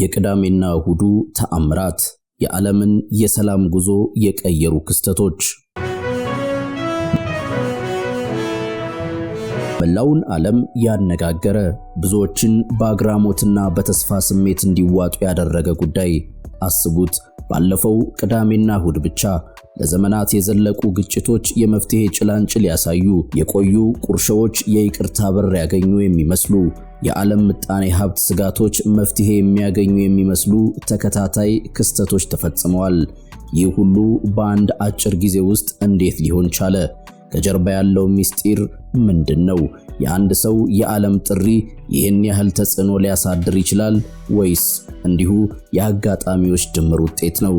የቅዳሜና እሁዱ ተአምራት፣ የዓለምን የሰላም ጉዞ የቀየሩ ክስተቶች። መላውን ዓለም ያነጋገረ፣ ብዙዎችን በአግራሞትና በተስፋ ስሜት እንዲዋጡ ያደረገ ጉዳይ። አስቡት፣ ባለፈው ቅዳሜና እሁድ ብቻ ለዘመናት የዘለቁ ግጭቶች የመፍትሄ ጭላንጭል ያሳዩ የቆዩ ቁርሾዎች የይቅርታ በር ያገኙ የሚመስሉ የዓለም ምጣኔ ሀብት ስጋቶች መፍትሄ የሚያገኙ የሚመስሉ ተከታታይ ክስተቶች ተፈጽመዋል። ይህ ሁሉ በአንድ አጭር ጊዜ ውስጥ እንዴት ሊሆን ቻለ? ከጀርባ ያለው ምስጢር ምንድን ነው? የአንድ ሰው የዓለም ጥሪ ይህን ያህል ተጽዕኖ ሊያሳድር ይችላል ወይስ እንዲሁ የአጋጣሚዎች ድምር ውጤት ነው?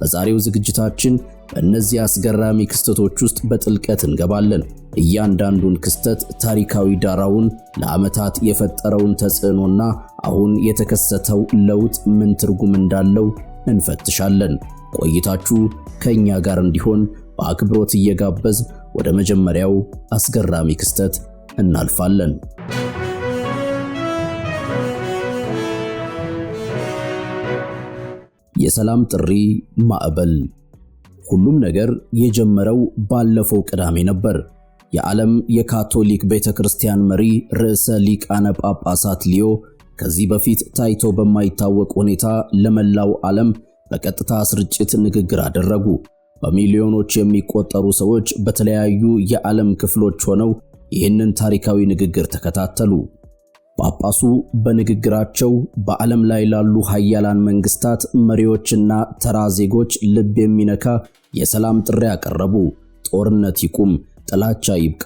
በዛሬው ዝግጅታችን በእነዚህ አስገራሚ ክስተቶች ውስጥ በጥልቀት እንገባለን። እያንዳንዱን ክስተት፣ ታሪካዊ ዳራውን፣ ለዓመታት የፈጠረውን ተጽዕኖና አሁን የተከሰተው ለውጥ ምን ትርጉም እንዳለው እንፈትሻለን። ቆይታችሁ ከእኛ ጋር እንዲሆን በአክብሮት እየጋበዝ ወደ መጀመሪያው አስገራሚ ክስተት እናልፋለን። የሰላም ጥሪ ማዕበል ሁሉም ነገር የጀመረው ባለፈው ቅዳሜ ነበር። የዓለም የካቶሊክ ቤተ ክርስቲያን መሪ ርዕሰ ሊቃነ ጳጳሳት ሊዮ ከዚህ በፊት ታይቶ በማይታወቅ ሁኔታ ለመላው ዓለም በቀጥታ ስርጭት ንግግር አደረጉ። በሚሊዮኖች የሚቆጠሩ ሰዎች በተለያዩ የዓለም ክፍሎች ሆነው ይህንን ታሪካዊ ንግግር ተከታተሉ። ጳጳሱ በንግግራቸው በዓለም ላይ ላሉ ሀያላን መንግስታት መሪዎችና ተራ ዜጎች ልብ የሚነካ የሰላም ጥሪ ያቀረቡ። ጦርነት ይቁም፣ ጥላቻ ይብቃ፣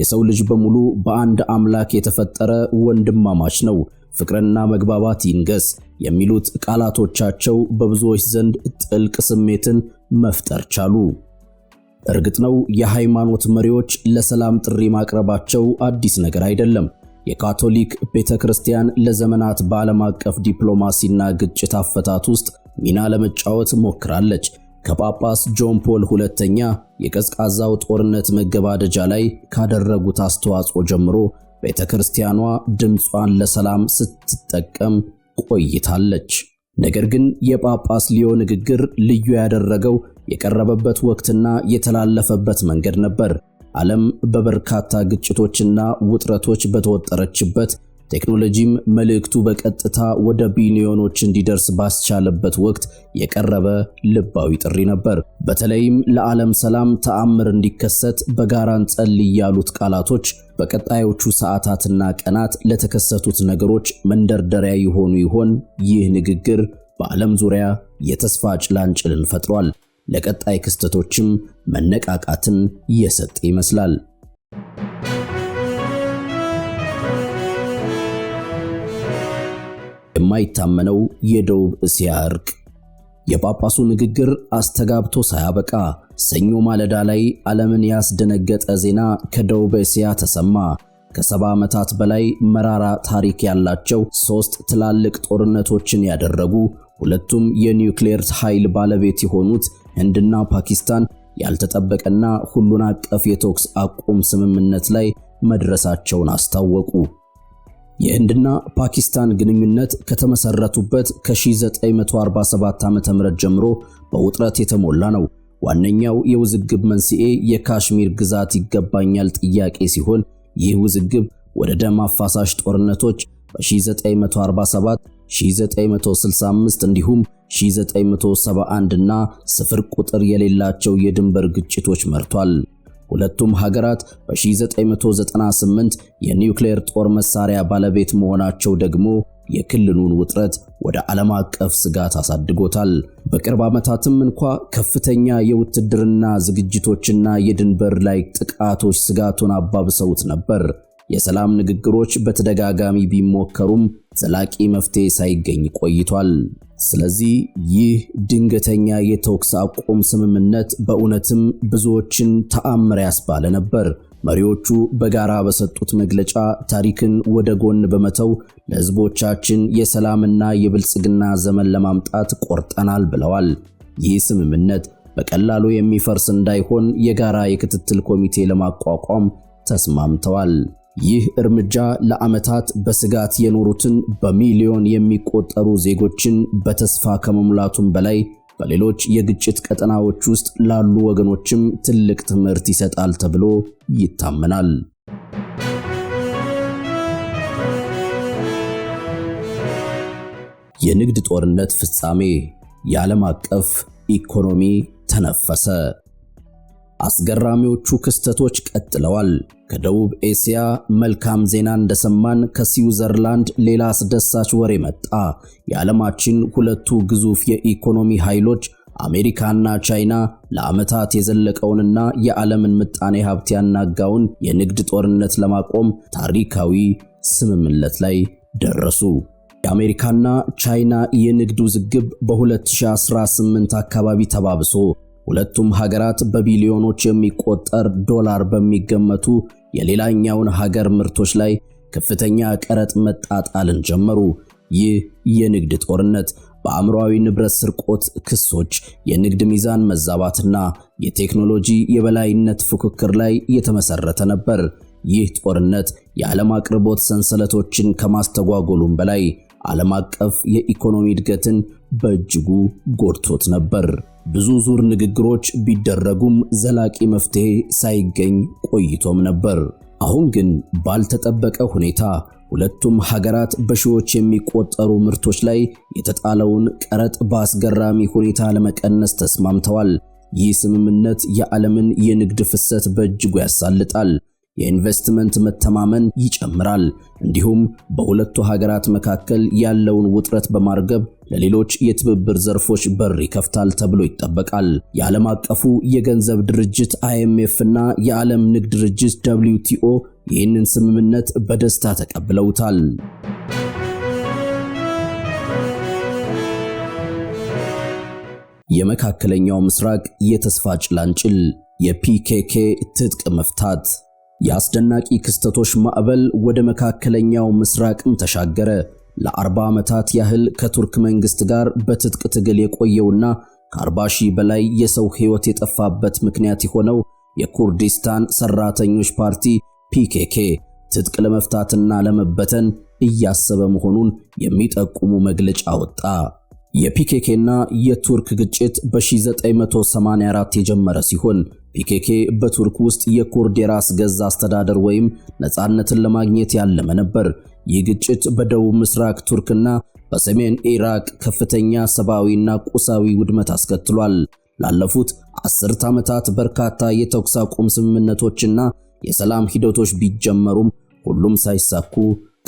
የሰው ልጅ በሙሉ በአንድ አምላክ የተፈጠረ ወንድማማች ነው፣ ፍቅርና መግባባት ይንገስ የሚሉት ቃላቶቻቸው በብዙዎች ዘንድ ጥልቅ ስሜትን መፍጠር ቻሉ። እርግጥ ነው የሃይማኖት መሪዎች ለሰላም ጥሪ ማቅረባቸው አዲስ ነገር አይደለም። የካቶሊክ ቤተ ክርስቲያን ለዘመናት በዓለም አቀፍ ዲፕሎማሲና ግጭት አፈታት ውስጥ ሚና ለመጫወት ሞክራለች። ከጳጳስ ጆን ፖል ሁለተኛ የቀዝቃዛው ጦርነት መገባደጃ ላይ ካደረጉት አስተዋጽኦ ጀምሮ ቤተ ክርስቲያኗ ድምጿን ለሰላም ስትጠቀም ቆይታለች። ነገር ግን የጳጳስ ሊዮ ንግግር ልዩ ያደረገው የቀረበበት ወቅትና የተላለፈበት መንገድ ነበር። ዓለም በበርካታ ግጭቶችና ውጥረቶች በተወጠረችበት ቴክኖሎጂም መልእክቱ በቀጥታ ወደ ቢሊዮኖች እንዲደርስ ባስቻለበት ወቅት የቀረበ ልባዊ ጥሪ ነበር። በተለይም ለዓለም ሰላም ተአምር እንዲከሰት በጋራ እንጸልይ ያሉት ቃላቶች በቀጣዮቹ ሰዓታትና ቀናት ለተከሰቱት ነገሮች መንደርደሪያ ይሆኑ ይሆን? ይህ ንግግር በዓለም ዙሪያ የተስፋ ጭላንጭልን ፈጥሯል። ለቀጣይ ክስተቶችም መነቃቃትን እየሰጠ ይመስላል። የማይታመነው የደቡብ እስያ እርቅ የጳጳሱ ንግግር አስተጋብቶ ሳያበቃ ሰኞ ማለዳ ላይ ዓለምን ያስደነገጠ ዜና ከደቡብ እስያ ተሰማ። ከሰባ ዓመታት በላይ መራራ ታሪክ ያላቸው ሦስት ትላልቅ ጦርነቶችን ያደረጉ ሁለቱም የኒውክሌር ኃይል ባለቤት የሆኑት ህንድና ፓኪስታን ያልተጠበቀና ሁሉን አቀፍ የተኩስ አቁም ስምምነት ላይ መድረሳቸውን አስታወቁ። የህንድና ፓኪስታን ግንኙነት ከተመሰረቱበት ከ1947 ዓ.ም ጀምሮ በውጥረት የተሞላ ነው። ዋነኛው የውዝግብ መንስኤ የካሽሚር ግዛት ይገባኛል ጥያቄ ሲሆን ይህ ውዝግብ ወደ ደም አፋሳሽ ጦርነቶች በ1947 1965 እንዲሁም 1971 እና ስፍር ቁጥር የሌላቸው የድንበር ግጭቶች መርቷል። ሁለቱም ሀገራት በ1998 የኒውክሌር ጦር መሳሪያ ባለቤት መሆናቸው ደግሞ የክልሉን ውጥረት ወደ ዓለም አቀፍ ስጋት አሳድጎታል። በቅርብ ዓመታትም እንኳ ከፍተኛ የውትድርና ዝግጅቶችና የድንበር ላይ ጥቃቶች ስጋቱን አባብሰውት ነበር። የሰላም ንግግሮች በተደጋጋሚ ቢሞከሩም ዘላቂ መፍትሄ ሳይገኝ ቆይቷል። ስለዚህ ይህ ድንገተኛ የተኩስ አቁም ስምምነት በእውነትም ብዙዎችን ተአምር ያስባለ ነበር። መሪዎቹ በጋራ በሰጡት መግለጫ ታሪክን ወደ ጎን በመተው ለሕዝቦቻችን የሰላምና የብልጽግና ዘመን ለማምጣት ቆርጠናል ብለዋል። ይህ ስምምነት በቀላሉ የሚፈርስ እንዳይሆን የጋራ የክትትል ኮሚቴ ለማቋቋም ተስማምተዋል። ይህ እርምጃ ለዓመታት በስጋት የኖሩትን በሚሊዮን የሚቆጠሩ ዜጎችን በተስፋ ከመሙላቱም በላይ በሌሎች የግጭት ቀጠናዎች ውስጥ ላሉ ወገኖችም ትልቅ ትምህርት ይሰጣል ተብሎ ይታመናል። የንግድ ጦርነት ፍጻሜ፣ የዓለም አቀፍ ኢኮኖሚ ተነፈሰ። አስገራሚዎቹ ክስተቶች ቀጥለዋል። ከደቡብ ኤስያ መልካም ዜና እንደሰማን ከስዊዘርላንድ ሌላ አስደሳች ወሬ መጣ። የዓለማችን ሁለቱ ግዙፍ የኢኮኖሚ ኃይሎች አሜሪካና ቻይና ለዓመታት የዘለቀውንና የዓለምን ምጣኔ ሀብት ያናጋውን የንግድ ጦርነት ለማቆም ታሪካዊ ስምምነት ላይ ደረሱ። የአሜሪካና ቻይና የንግድ ውዝግብ በ2018 አካባቢ ተባብሶ ሁለቱም ሀገራት በቢሊዮኖች የሚቆጠር ዶላር በሚገመቱ የሌላኛውን ሀገር ምርቶች ላይ ከፍተኛ ቀረጥ መጣጣልን ጀመሩ። ይህ የንግድ ጦርነት በአእምሯዊ ንብረት ስርቆት ክሶች፣ የንግድ ሚዛን መዛባትና የቴክኖሎጂ የበላይነት ፉክክር ላይ የተመሰረተ ነበር። ይህ ጦርነት የዓለም አቅርቦት ሰንሰለቶችን ከማስተጓጎሉም በላይ ዓለም አቀፍ የኢኮኖሚ እድገትን በእጅጉ ጎድቶት ነበር። ብዙ ዙር ንግግሮች ቢደረጉም ዘላቂ መፍትሄ ሳይገኝ ቆይቶም ነበር። አሁን ግን ባልተጠበቀ ሁኔታ ሁለቱም ሀገራት በሺዎች የሚቆጠሩ ምርቶች ላይ የተጣለውን ቀረጥ በአስገራሚ ሁኔታ ለመቀነስ ተስማምተዋል። ይህ ስምምነት የዓለምን የንግድ ፍሰት በእጅጉ ያሳልጣል። የኢንቨስትመንት መተማመን ይጨምራል። እንዲሁም በሁለቱ ሀገራት መካከል ያለውን ውጥረት በማርገብ ለሌሎች የትብብር ዘርፎች በር ይከፍታል ተብሎ ይጠበቃል። የዓለም አቀፉ የገንዘብ ድርጅት አይኤምኤፍ እና የዓለም ንግድ ድርጅት ደብሊውቲኦ ይህንን ስምምነት በደስታ ተቀብለውታል። የመካከለኛው ምስራቅ የተስፋ ጭላንጭል የፒኬኬ ትጥቅ መፍታት የአስደናቂ ክስተቶች ማዕበል ወደ መካከለኛው ምስራቅም ተሻገረ። ለ ለ40 ዓመታት ያህል ከቱርክ መንግስት ጋር በትጥቅ ትግል የቆየውና ከአርባ ሺህ በላይ የሰው ሕይወት የጠፋበት ምክንያት የሆነው የኩርዲስታን ሰራተኞች ፓርቲ ፒኬኬ ትጥቅ ለመፍታትና ለመበተን እያሰበ መሆኑን የሚጠቁሙ መግለጫ ወጣ። የፒኬኬና የቱርክ ግጭት በ1984 የጀመረ ሲሆን ፒኬኬ በቱርክ ውስጥ የኩርድ የራስ ገዝ አስተዳደር ወይም ነፃነትን ለማግኘት ያለመ ነበር። ይህ ግጭት በደቡብ ምስራቅ ቱርክና በሰሜን ኢራቅ ከፍተኛ ሰብአዊና ቁሳዊ ውድመት አስከትሏል። ላለፉት አስርት ዓመታት በርካታ የተኩስ አቁም ስምምነቶችና የሰላም ሂደቶች ቢጀመሩም ሁሉም ሳይሳኩ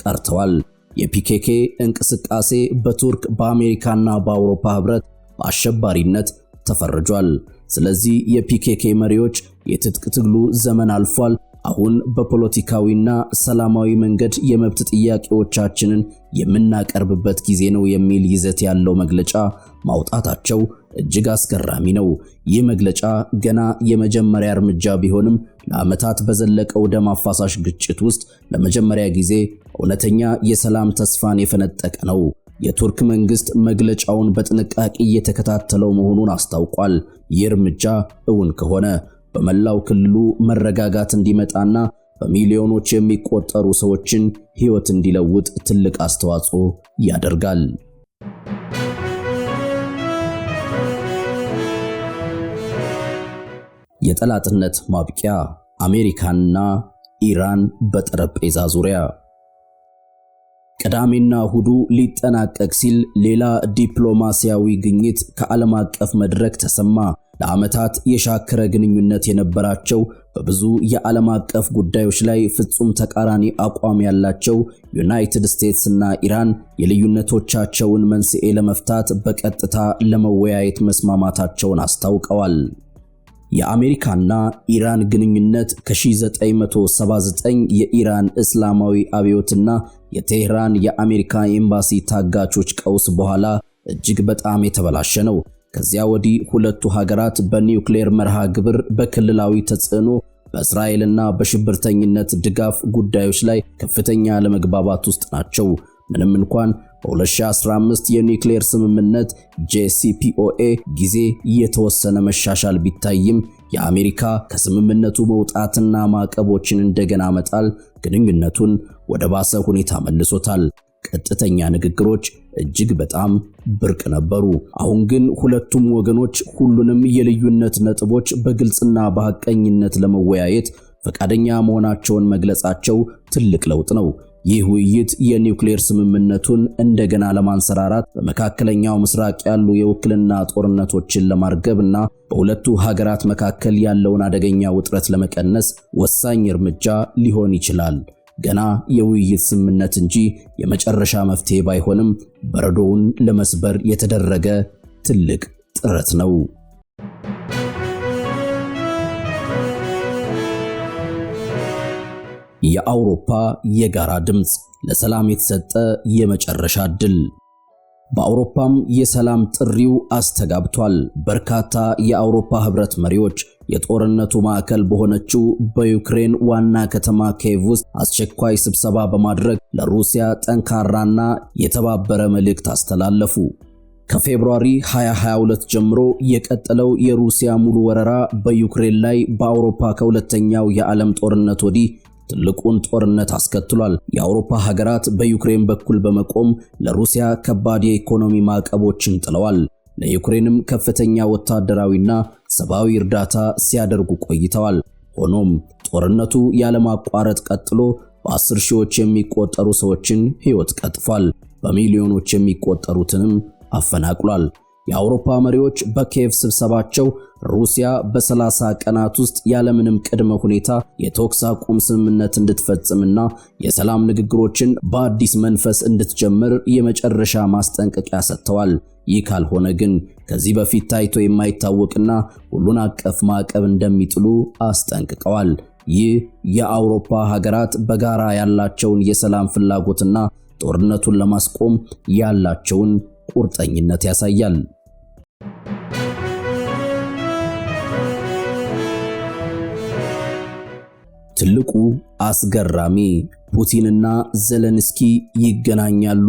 ቀርተዋል። የፒኬኬ እንቅስቃሴ በቱርክ በአሜሪካና በአውሮፓ ህብረት በአሸባሪነት ተፈርጇል። ስለዚህ የፒኬኬ መሪዎች የትጥቅ ትግሉ ዘመን አልፏል፣ አሁን በፖለቲካዊና ሰላማዊ መንገድ የመብት ጥያቄዎቻችንን የምናቀርብበት ጊዜ ነው የሚል ይዘት ያለው መግለጫ ማውጣታቸው እጅግ አስገራሚ ነው። ይህ መግለጫ ገና የመጀመሪያ እርምጃ ቢሆንም ለዓመታት በዘለቀው ደም አፋሳሽ ግጭት ውስጥ ለመጀመሪያ ጊዜ እውነተኛ የሰላም ተስፋን የፈነጠቀ ነው። የቱርክ መንግስት መግለጫውን በጥንቃቄ እየተከታተለው መሆኑን አስታውቋል። ይህ እርምጃ እውን ከሆነ በመላው ክልሉ መረጋጋት እንዲመጣና በሚሊዮኖች የሚቆጠሩ ሰዎችን ሕይወት እንዲለውጥ ትልቅ አስተዋጽኦ ያደርጋል። የጠላትነት ማብቂያ አሜሪካና ኢራን በጠረጴዛ ዙሪያ ቅዳሜና እሁዱ ሊጠናቀቅ ሲል ሌላ ዲፕሎማሲያዊ ግኝት ከዓለም አቀፍ መድረክ ተሰማ። ለዓመታት የሻከረ ግንኙነት የነበራቸው በብዙ የዓለም አቀፍ ጉዳዮች ላይ ፍጹም ተቃራኒ አቋም ያላቸው ዩናይትድ ስቴትስ እና ኢራን የልዩነቶቻቸውን መንስኤ ለመፍታት በቀጥታ ለመወያየት መስማማታቸውን አስታውቀዋል። የአሜሪካና ኢራን ግንኙነት ከ1979 የኢራን እስላማዊ አብዮትና የቴህራን የአሜሪካ ኤምባሲ ታጋቾች ቀውስ በኋላ እጅግ በጣም የተበላሸ ነው። ከዚያ ወዲህ ሁለቱ ሀገራት በኒውክሌር መርሃ ግብር፣ በክልላዊ ተጽዕኖ፣ በእስራኤልና በሽብርተኝነት ድጋፍ ጉዳዮች ላይ ከፍተኛ አለመግባባት ውስጥ ናቸው። ምንም እንኳን በ2015 የኒውክሌር ስምምነት ጄሲፒኦኤ ጊዜ የተወሰነ መሻሻል ቢታይም የአሜሪካ ከስምምነቱ መውጣትና ማዕቀቦችን እንደገና መጣል ግንኙነቱን ወደ ባሰ ሁኔታ መልሶታል። ቀጥተኛ ንግግሮች እጅግ በጣም ብርቅ ነበሩ። አሁን ግን ሁለቱም ወገኖች ሁሉንም የልዩነት ነጥቦች በግልጽና በሐቀኝነት ለመወያየት ፈቃደኛ መሆናቸውን መግለጻቸው ትልቅ ለውጥ ነው። ይህ ውይይት የኒውክሌር ስምምነቱን እንደገና ለማንሰራራት በመካከለኛው ምስራቅ ያሉ የውክልና ጦርነቶችን ለማርገብና በሁለቱ ሀገራት መካከል ያለውን አደገኛ ውጥረት ለመቀነስ ወሳኝ እርምጃ ሊሆን ይችላል። ገና የውይይት ስምምነት እንጂ የመጨረሻ መፍትሄ ባይሆንም በረዶውን ለመስበር የተደረገ ትልቅ ጥረት ነው። የአውሮፓ የጋራ ድምፅ ለሰላም የተሰጠ የመጨረሻ እድል። በአውሮፓም የሰላም ጥሪው አስተጋብቷል። በርካታ የአውሮፓ ህብረት መሪዎች የጦርነቱ ማዕከል በሆነችው በዩክሬን ዋና ከተማ ኬቭ ውስጥ አስቸኳይ ስብሰባ በማድረግ ለሩሲያ ጠንካራና የተባበረ መልእክት አስተላለፉ። ከፌብሩዋሪ 2022 ጀምሮ የቀጠለው የሩሲያ ሙሉ ወረራ በዩክሬን ላይ በአውሮፓ ከሁለተኛው የዓለም ጦርነት ወዲህ ትልቁን ጦርነት አስከትሏል። የአውሮፓ ሀገራት በዩክሬን በኩል በመቆም ለሩሲያ ከባድ የኢኮኖሚ ማዕቀቦችን ጥለዋል። ለዩክሬንም ከፍተኛ ወታደራዊና ሰብአዊ እርዳታ ሲያደርጉ ቆይተዋል። ሆኖም ጦርነቱ ያለማቋረጥ ቀጥሎ በአስር ሺዎች የሚቆጠሩ ሰዎችን ሕይወት ቀጥፏል። በሚሊዮኖች የሚቆጠሩትንም አፈናቅሏል። የአውሮፓ መሪዎች በኬቭ ስብሰባቸው ሩሲያ በ30 ቀናት ውስጥ ያለምንም ቅድመ ሁኔታ የተኩስ አቁም ስምምነት እንድትፈጽምና የሰላም ንግግሮችን በአዲስ መንፈስ እንድትጀምር የመጨረሻ ማስጠንቀቂያ ሰጥተዋል። ይህ ካልሆነ ግን ከዚህ በፊት ታይቶ የማይታወቅና ሁሉን አቀፍ ማዕቀብ እንደሚጥሉ አስጠንቅቀዋል። ይህ የአውሮፓ ሀገራት በጋራ ያላቸውን የሰላም ፍላጎትና ጦርነቱን ለማስቆም ያላቸውን ቁርጠኝነት ያሳያል። ትልቁ አስገራሚ ፑቲንና ዘለንስኪ ይገናኛሉ።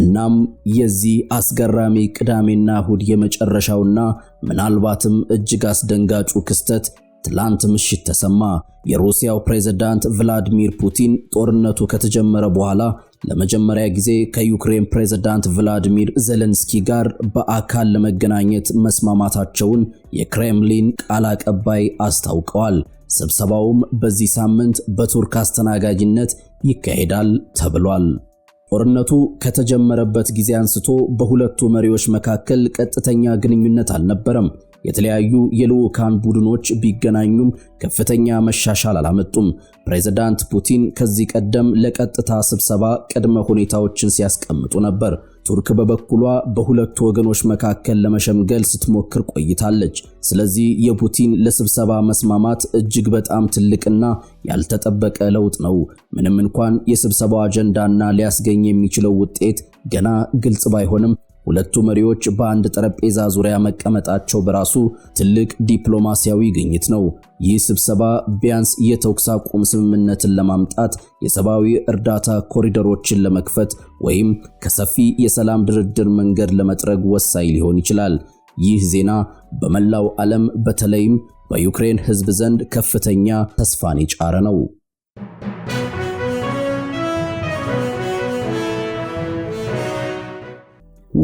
እናም የዚህ አስገራሚ ቅዳሜና እሁድ የመጨረሻውና ምናልባትም እጅግ አስደንጋጩ ክስተት ትላንት ምሽት ተሰማ። የሩሲያው ፕሬዝዳንት ቭላዲሚር ፑቲን ጦርነቱ ከተጀመረ በኋላ ለመጀመሪያ ጊዜ ከዩክሬን ፕሬዝዳንት ቭላዲሚር ዜሌንስኪ ጋር በአካል ለመገናኘት መስማማታቸውን የክሬምሊን ቃል አቀባይ አስታውቀዋል። ስብሰባውም በዚህ ሳምንት በቱርክ አስተናጋጅነት ይካሄዳል ተብሏል። ጦርነቱ ከተጀመረበት ጊዜ አንስቶ በሁለቱ መሪዎች መካከል ቀጥተኛ ግንኙነት አልነበረም። የተለያዩ የልዑካን ቡድኖች ቢገናኙም ከፍተኛ መሻሻል አላመጡም። ፕሬዝዳንት ፑቲን ከዚህ ቀደም ለቀጥታ ስብሰባ ቅድመ ሁኔታዎችን ሲያስቀምጡ ነበር። ቱርክ በበኩሏ በሁለቱ ወገኖች መካከል ለመሸምገል ስትሞክር ቆይታለች። ስለዚህ የፑቲን ለስብሰባ መስማማት እጅግ በጣም ትልቅና ያልተጠበቀ ለውጥ ነው። ምንም እንኳን የስብሰባው አጀንዳና ሊያስገኝ የሚችለው ውጤት ገና ግልጽ ባይሆንም ሁለቱ መሪዎች በአንድ ጠረጴዛ ዙሪያ መቀመጣቸው በራሱ ትልቅ ዲፕሎማሲያዊ ግኝት ነው። ይህ ስብሰባ ቢያንስ የተኩስ አቁም ስምምነትን ለማምጣት የሰብአዊ እርዳታ ኮሪደሮችን ለመክፈት ወይም ከሰፊ የሰላም ድርድር መንገድ ለመጥረግ ወሳኝ ሊሆን ይችላል። ይህ ዜና በመላው ዓለም በተለይም በዩክሬን ሕዝብ ዘንድ ከፍተኛ ተስፋን የጫረ ነው።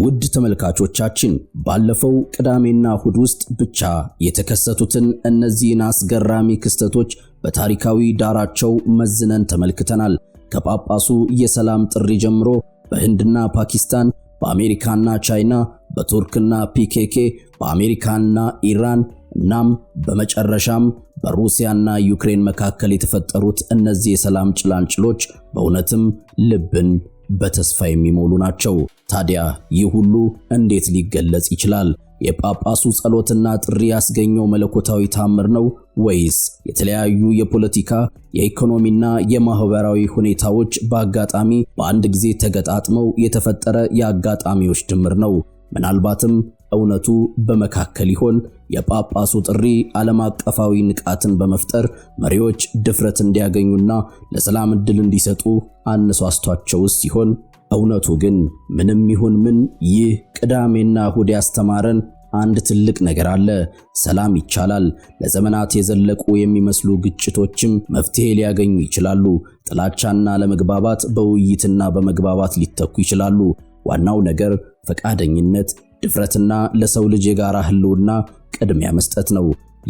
ውድ ተመልካቾቻችን ባለፈው ቅዳሜና እሁድ ውስጥ ብቻ የተከሰቱትን እነዚህን አስገራሚ ክስተቶች በታሪካዊ ዳራቸው መዝነን ተመልክተናል። ከጳጳሱ የሰላም ጥሪ ጀምሮ በህንድና ፓኪስታን፣ በአሜሪካና ቻይና፣ በቱርክና ፒኬኬ፣ በአሜሪካና ኢራን እናም በመጨረሻም በሩሲያና ዩክሬን መካከል የተፈጠሩት እነዚህ የሰላም ጭላንጭሎች በእውነትም ልብን በተስፋ የሚሞሉ ናቸው። ታዲያ ይህ ሁሉ እንዴት ሊገለጽ ይችላል? የጳጳሱ ጸሎትና ጥሪ ያስገኘው መለኮታዊ ታምር ነው ወይስ የተለያዩ የፖለቲካ የኢኮኖሚና የማህበራዊ ሁኔታዎች በአጋጣሚ በአንድ ጊዜ ተገጣጥመው የተፈጠረ የአጋጣሚዎች ድምር ነው? ምናልባትም እውነቱ በመካከል ይሆን? የጳጳሱ ጥሪ ዓለም አቀፋዊ ንቃትን በመፍጠር መሪዎች ድፍረት እንዲያገኙና ለሰላም ዕድል እንዲሰጡ አነሳስቷቸውስ ሲሆን እውነቱ ግን ምንም ይሁን ምን ይህ ቅዳሜና እሁድ ያስተማረን አንድ ትልቅ ነገር አለ። ሰላም ይቻላል። ለዘመናት የዘለቁ የሚመስሉ ግጭቶችም መፍትሄ ሊያገኙ ይችላሉ። ጥላቻና ለመግባባት በውይይትና በመግባባት ሊተኩ ይችላሉ። ዋናው ነገር ፈቃደኝነት ድፍረትና ለሰው ልጅ የጋራ ህልውና ቅድሚያ መስጠት ነው።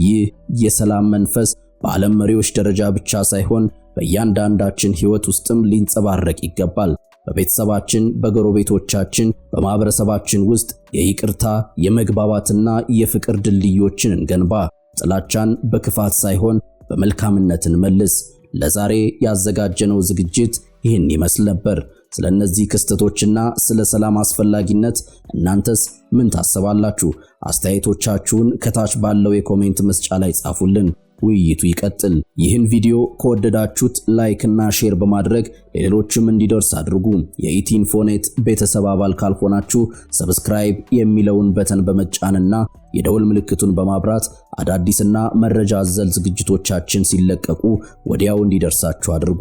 ይህ የሰላም መንፈስ በዓለም መሪዎች ደረጃ ብቻ ሳይሆን በእያንዳንዳችን ሕይወት ውስጥም ሊንጸባረቅ ይገባል። በቤተሰባችን፣ በጎረቤቶቻችን፣ በማህበረሰባችን ውስጥ የይቅርታ የመግባባትና የፍቅር ድልድዮችን እንገንባ። ጥላቻን በክፋት ሳይሆን በመልካምነት እንመልስ። ለዛሬ ያዘጋጀነው ዝግጅት ይህን ይመስል ነበር። ስለ እነዚህ ክስተቶችና ስለ ሰላም አስፈላጊነት እናንተስ ምን ታስባላችሁ? አስተያየቶቻችሁን ከታች ባለው የኮሜንት መስጫ ላይ ጻፉልን። ውይይቱ ይቀጥል። ይህን ቪዲዮ ከወደዳችሁት ላይክ እና ሼር በማድረግ ለሌሎችም እንዲደርስ አድርጉ። የኢቲን ፎኔት ቤተሰብ አባል ካልሆናችሁ ሰብስክራይብ የሚለውን በተን በመጫንና የደወል ምልክቱን በማብራት አዳዲስና መረጃ አዘል ዝግጅቶቻችን ሲለቀቁ ወዲያው እንዲደርሳችሁ አድርጉ።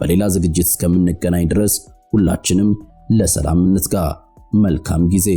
በሌላ ዝግጅት እስከምንገናኝ ድረስ ሁላችንም ለሰላም እንትጋ። መልካም ጊዜ